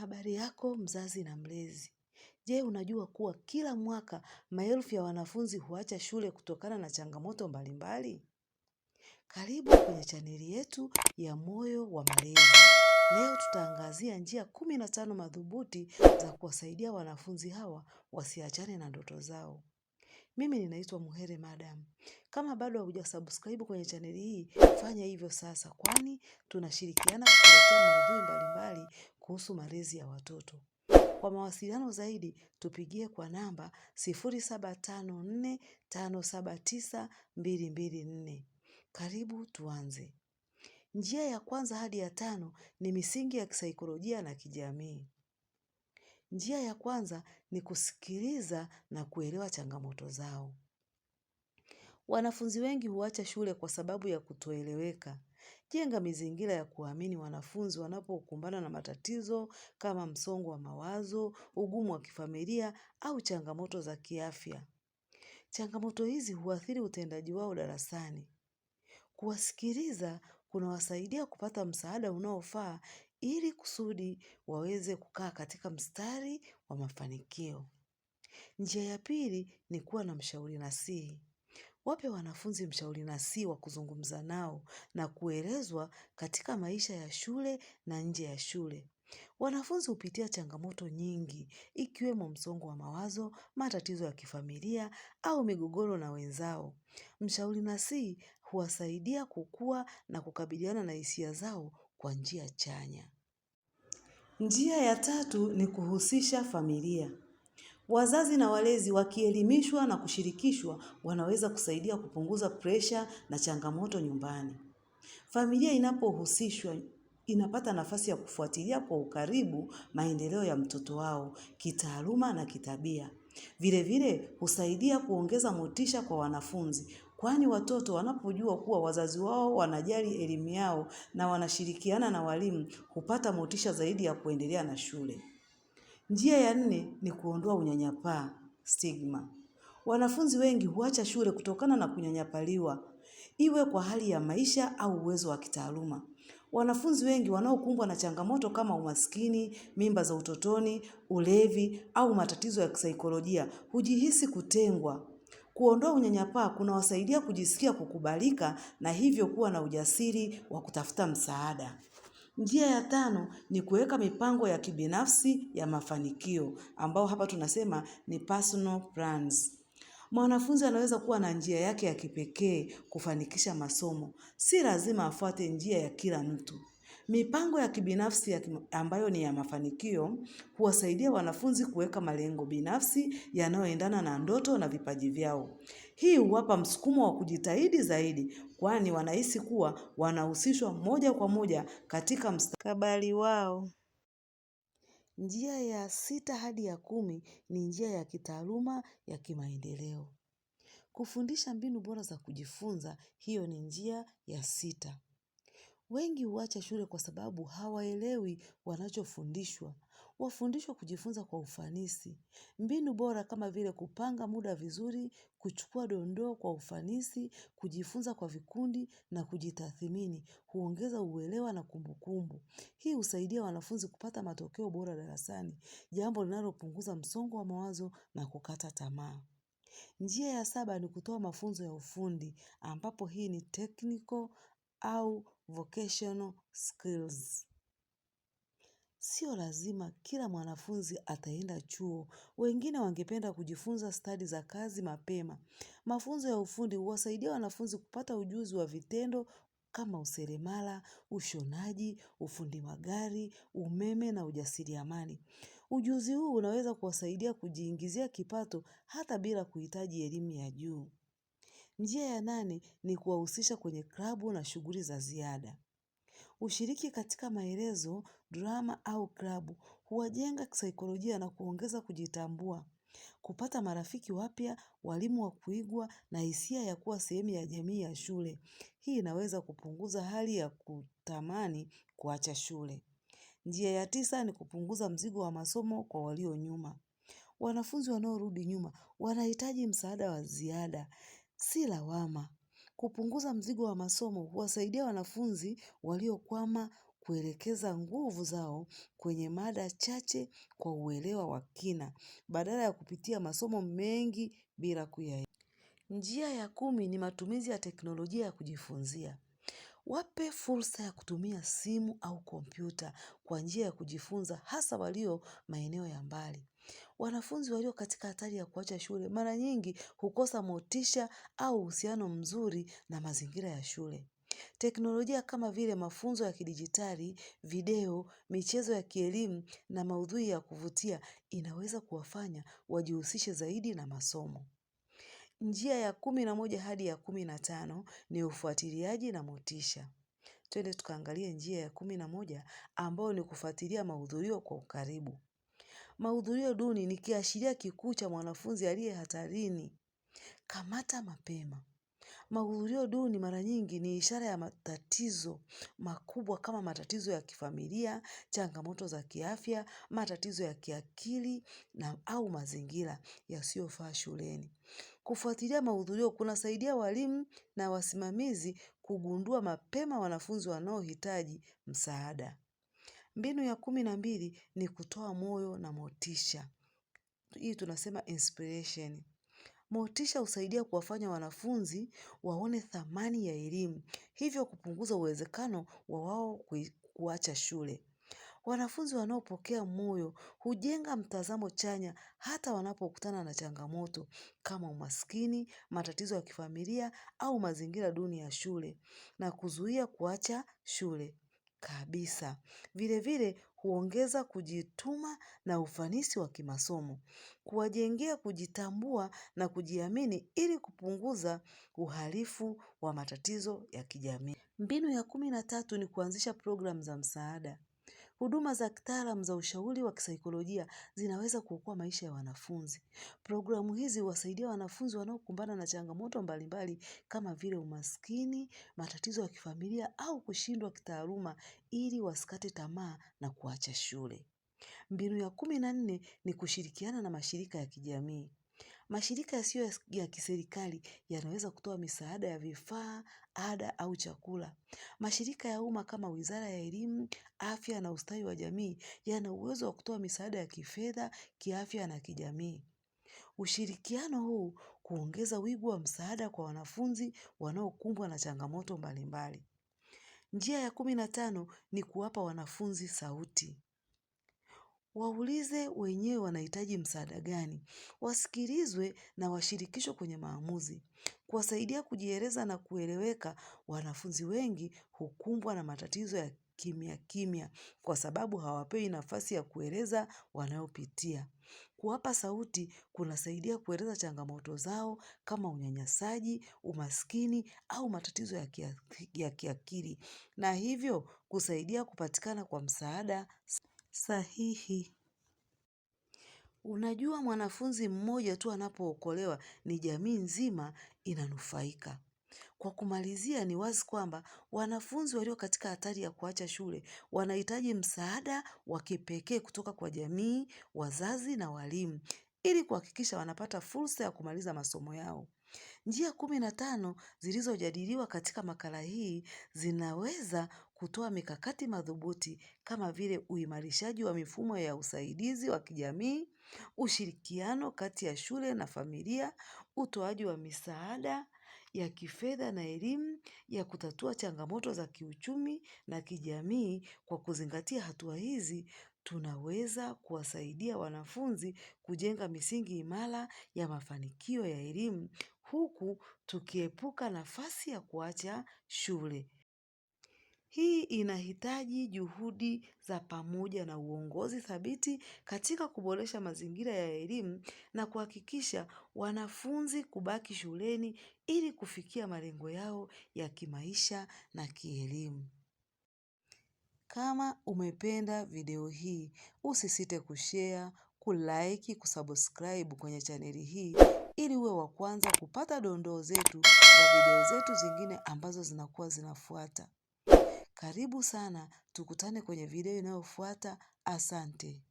Habari yako mzazi na mlezi. Je, unajua kuwa kila mwaka maelfu ya wanafunzi huacha shule kutokana na changamoto mbalimbali? Karibu kwenye chaneli yetu ya Moyo wa Malezi. Leo tutaangazia njia kumi na tano madhubuti za kuwasaidia wanafunzi hawa wasiachane na ndoto zao. Mimi ninaitwa Muhere Madam. Kama bado hujasubscribe kwenye chaneli hii, fanya hivyo sasa, kwani tunashirikiana kuletea maudhui mbalimbali kuhusu malezi ya watoto. Kwa mawasiliano zaidi tupigie kwa namba 0754579224. Karibu tuanze. Njia ya kwanza hadi ya tano ni misingi ya kisaikolojia na kijamii. Njia ya kwanza ni kusikiliza na kuelewa changamoto zao. Wanafunzi wengi huacha shule kwa sababu ya kutoeleweka. Jenga mizingira ya kuamini wanafunzi wanapokumbana na matatizo kama msongo wa mawazo, ugumu wa kifamilia au changamoto za kiafya. Changamoto hizi huathiri utendaji wao darasani. Kuwasikiliza kunawasaidia kupata msaada unaofaa ili kusudi waweze kukaa katika mstari wa mafanikio. Njia ya pili ni kuwa na mshauri nasihi. Wape wanafunzi mshauri nasihi wa kuzungumza nao na kuelezwa katika maisha ya shule na nje ya shule. Wanafunzi hupitia changamoto nyingi ikiwemo msongo wa mawazo, matatizo ya kifamilia au migogoro na wenzao. Mshauri nasihi huwasaidia kukua na kukabiliana na hisia zao kwa njia chanya. Njia ya tatu ni kuhusisha familia. Wazazi na walezi wakielimishwa na kushirikishwa wanaweza kusaidia kupunguza presha na changamoto nyumbani. Familia inapohusishwa inapata nafasi ya kufuatilia kwa ukaribu maendeleo ya mtoto wao, kitaaluma na kitabia. Vile vile husaidia kuongeza motisha kwa wanafunzi kwani watoto wanapojua kuwa wazazi wao wanajali elimu yao na wanashirikiana na walimu hupata motisha zaidi ya kuendelea na shule. Njia ya nne ni kuondoa unyanyapaa stigma. Wanafunzi wengi huacha shule kutokana na kunyanyapaliwa, iwe kwa hali ya maisha au uwezo wa kitaaluma. Wanafunzi wengi wanaokumbwa na changamoto kama umaskini, mimba za utotoni, ulevi au matatizo ya kisaikolojia hujihisi kutengwa Kuondoa unyanyapaa kunawasaidia kujisikia kukubalika na hivyo kuwa na ujasiri wa kutafuta msaada. Njia ya tano ni kuweka mipango ya kibinafsi ya mafanikio ambao hapa tunasema ni personal plans. Mwanafunzi anaweza kuwa na njia yake ya kipekee kufanikisha masomo. Si lazima afuate njia ya kila mtu. Mipango ya kibinafsi ya ambayo ni ya mafanikio huwasaidia wanafunzi kuweka malengo binafsi yanayoendana na ndoto na vipaji vyao. Hii huwapa msukumo wa kujitahidi zaidi kwani wanahisi kuwa wanahusishwa moja kwa moja katika mstakabali wao. Njia ya sita hadi ya kumi ni njia ya kitaaluma ya kimaendeleo. Kufundisha mbinu bora za kujifunza, hiyo ni njia ya sita. Wengi huacha shule kwa sababu hawaelewi wanachofundishwa. Wafundishwa kujifunza kwa ufanisi. Mbinu bora kama vile kupanga muda vizuri, kuchukua dondoo kwa ufanisi, kujifunza kwa vikundi na kujitathimini, huongeza uelewa na kumbukumbu. Hii husaidia wanafunzi kupata matokeo bora darasani, jambo linalopunguza msongo wa mawazo na kukata tamaa. Njia ya saba ni kutoa mafunzo ya ufundi, ambapo hii ni technical au vocational skills. Sio lazima kila mwanafunzi ataenda chuo, wengine wangependa kujifunza stadi za kazi mapema. Mafunzo ya ufundi huwasaidia wanafunzi kupata ujuzi wa vitendo kama useremala, ushonaji, ufundi magari, umeme na ujasiriamali. Ujuzi huu unaweza kuwasaidia kujiingizia kipato hata bila kuhitaji elimu ya juu. Njia ya nane ni kuwahusisha kwenye klabu na shughuli za ziada. Ushiriki katika maelezo, drama au klabu huwajenga kisaikolojia na kuongeza kujitambua. Kupata marafiki wapya, walimu wa kuigwa na hisia ya kuwa sehemu ya jamii ya shule. Hii inaweza kupunguza hali ya kutamani kuacha shule. Njia ya tisa ni kupunguza mzigo wa masomo kwa walio nyuma. Wanafunzi wanaorudi nyuma wanahitaji msaada wa ziada si lawama. Kupunguza mzigo wa masomo huwasaidia wanafunzi waliokwama kuelekeza nguvu zao kwenye mada chache kwa uelewa wa kina badala ya kupitia masomo mengi bila kuyaelewa. Njia ya kumi ni matumizi ya teknolojia ya kujifunzia. Wape fursa ya kutumia simu au kompyuta kwa njia ya kujifunza hasa walio maeneo ya mbali. Wanafunzi walio katika hatari ya kuacha shule mara nyingi hukosa motisha au uhusiano mzuri na mazingira ya shule. Teknolojia kama vile mafunzo ya kidijitali, video, michezo ya kielimu na maudhui ya kuvutia inaweza kuwafanya wajihusishe zaidi na masomo. Njia ya kumi na moja hadi ya kumi na tano ni ufuatiliaji na motisha. Twende tukaangalie njia ya kumi na moja ambayo ni kufuatilia mahudhurio kwa ukaribu. Mahudhurio duni ni kiashiria kikuu cha mwanafunzi aliye hatarini. Kamata mapema. Mahudhurio duni mara nyingi ni ishara ya matatizo makubwa kama matatizo ya kifamilia, changamoto za kiafya, matatizo ya kiakili na au mazingira yasiyofaa shuleni. Kufuatilia mahudhurio kunasaidia walimu na wasimamizi kugundua mapema wanafunzi wanaohitaji msaada. Mbinu ya kumi na mbili ni kutoa moyo na motisha. Hii tunasema inspiration. Motisha husaidia kuwafanya wanafunzi waone thamani ya elimu. Hivyo kupunguza uwezekano wa wao kuacha shule. Wanafunzi wanaopokea moyo hujenga mtazamo chanya hata wanapokutana na changamoto kama umaskini, matatizo ya kifamilia au mazingira duni ya shule na kuzuia kuacha shule kabisa. Vile vile huongeza kujituma na ufanisi wa kimasomo. Kuwajengea kujitambua na kujiamini ili kupunguza uhalifu wa matatizo ya kijamii. Mbinu ya kumi na tatu ni kuanzisha programu za msaada. Huduma za kitaalamu za ushauri wa kisaikolojia zinaweza kuokoa maisha ya wanafunzi. Programu hizi huwasaidia wanafunzi wanaokumbana na changamoto mbalimbali kama vile umaskini, matatizo ya kifamilia au kushindwa kitaaluma ili wasikate tamaa na kuacha shule. Mbinu ya kumi na nne ni kushirikiana na mashirika ya kijamii. Mashirika yasiyo ya kiserikali yanaweza kutoa misaada ya vifaa, ada au chakula. Mashirika ya umma kama wizara ya elimu, afya na ustawi wa jamii yana uwezo wa kutoa misaada ya kifedha, kiafya na kijamii. Ushirikiano huu huongeza wigo wa msaada kwa wanafunzi wanaokumbwa na changamoto mbalimbali. Njia ya kumi na tano ni kuwapa wanafunzi sauti waulize wenyewe wanahitaji msaada gani, wasikilizwe na washirikishwe kwenye maamuzi. Kuwasaidia kujieleza na kueleweka, wanafunzi wengi hukumbwa na matatizo ya kimya kimya kwa sababu hawapewi nafasi ya kueleza wanayopitia. Kuwapa sauti kunasaidia kueleza changamoto zao kama unyanyasaji, umaskini au matatizo ya kiakili na hivyo kusaidia kupatikana kwa msaada sahihi. Unajua mwanafunzi mmoja tu anapookolewa ni jamii nzima inanufaika. Kwa kumalizia ni wazi kwamba wanafunzi walio katika hatari ya kuacha shule wanahitaji msaada wa kipekee kutoka kwa jamii, wazazi na walimu ili kuhakikisha wanapata fursa ya kumaliza masomo yao. Njia kumi na tano zilizojadiliwa katika makala hii zinaweza kutoa mikakati madhubuti kama vile uimarishaji wa mifumo ya usaidizi wa kijamii, ushirikiano kati ya shule na familia, utoaji wa misaada ya kifedha na elimu ya kutatua changamoto za kiuchumi na kijamii. Kwa kuzingatia hatua hizi, tunaweza kuwasaidia wanafunzi kujenga misingi imara ya mafanikio ya elimu huku tukiepuka nafasi ya kuacha shule. Hii inahitaji juhudi za pamoja na uongozi thabiti katika kuboresha mazingira ya elimu na kuhakikisha wanafunzi kubaki shuleni ili kufikia malengo yao ya kimaisha na kielimu. Kama umependa video hii, usisite kushare, kulike, kusubscribe kwenye chaneli hii ili uwe wa kwanza kupata dondoo zetu za video zetu zingine ambazo zinakuwa zinafuata. Karibu sana, tukutane kwenye video inayofuata. Asante.